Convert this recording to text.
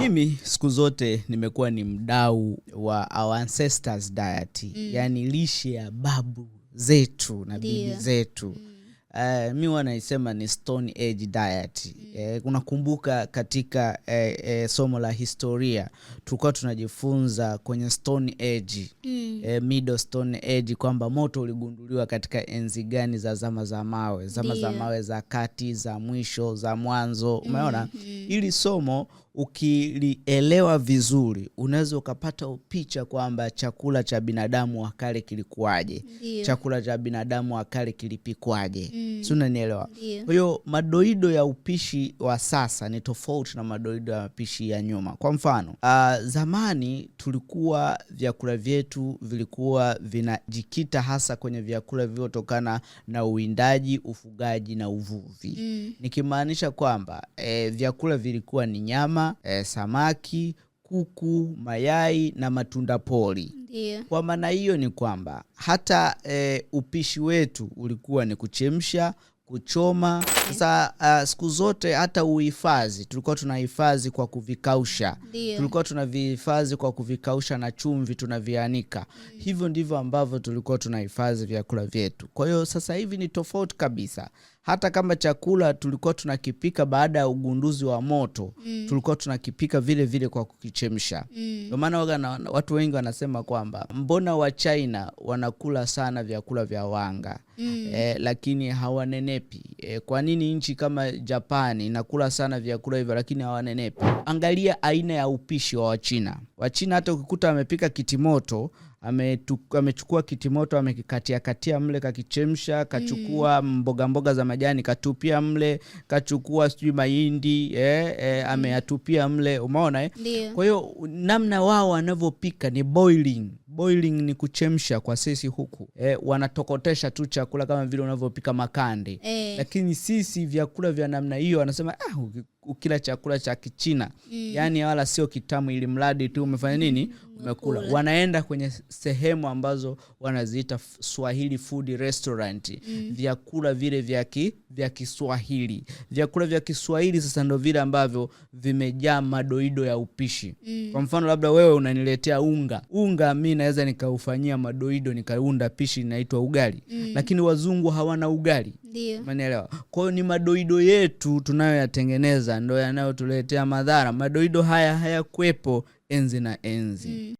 Mimi siku zote nimekuwa ni mdau wa our ancestors diet mm. Yani lishe ya babu zetu na Dio. bibi zetu mm. Uh, mi wanaisema ni stone age diet mm. Uh, unakumbuka katika uh, uh, somo la historia tulikuwa tunajifunza kwenye stone age mm eh, stone Age kwamba moto uligunduliwa katika enzi gani za zama za mawe, zama za mawe za kati, za mwisho, za mwanzo. Umeona mhm. hili somo ukilielewa vizuri unaweza ukapata picha kwamba chakula cha binadamu wa kale kilikuwaje, chakula cha binadamu wa kale kilipikwaje, mm. si unanielewa? Kwa hiyo madoido ya upishi wa sasa ni tofauti na madoido ya upishi ya nyuma. Kwa mfano, uh, zamani tulikuwa vyakula vyetu vilikuwa vinajikita hasa kwenye vyakula vilivyotokana na uwindaji, ufugaji na uvuvi mm. Nikimaanisha kwamba e, vyakula vilikuwa ni nyama e, samaki kuku, mayai na matunda poli yeah. Kwa maana hiyo ni kwamba hata e, upishi wetu ulikuwa ni kuchemsha, kuchoma. Sasa uh, siku zote hata uhifadhi tulikuwa tunahifadhi kwa kuvikausha. tulikuwa tunavihifadhi kwa kuvikausha na chumvi tunavianika. Mm. Hivyo ndivyo ambavyo tulikuwa tunahifadhi vyakula vyetu. Kwa hiyo sasa hivi ni tofauti kabisa. Hata kama chakula tulikuwa tunakipika baada ya ugunduzi wa moto, mm. tulikuwa tunakipika vile vile kwa kukichemsha. Mm. Ndio maana watu wengi wanasema kwamba mbona wa China wanakula sana vyakula vya wanga mm. eh, lakini hawanenepi eh. Kwa nini nchi kama Japani inakula sana vyakula hivyo lakini hawanenepi? Angalia aina ya upishi wa Wachina. Wachina hata ukikuta amepika kitimoto amechukua kitimoto amekikatia katia mle kakichemsha, kachukua mm. mboga mboga za majani katupia mle, kachukua sijui mahindi eh, eh, mm. ameyatupia mle, umeona eh? Kwa hiyo namna wao wanavyopika ni boiling boiling ni kuchemsha kwa sisi huku e, wanatokotesha tu chakula kama vile unavyopika makande e. Lakini sisi vyakula vya namna hiyo wanasema ah, ukila chakula cha Kichina mm. yani wala sio kitamu, ili mradi tu umefanya mm. nini, mm. umekula. Wanaenda kwenye sehemu ambazo wanaziita Swahili food restaurant mm. Vyakula vile vya vya Kiswahili, vyakula vya Kiswahili sasa ndo vile ambavyo vimejaa madoido ya upishi mm. Kwa mfano labda wewe unaniletea unga, unga mi naweza nikaufanyia madoido nikaunda pishi inaitwa ugali mm. Lakini wazungu hawana ugali ndio umenielewa. Kwa ni madoido yetu tunayoyatengeneza ndo yanayotuletea madhara. Madoido haya hayakwepo enzi na enzi mm.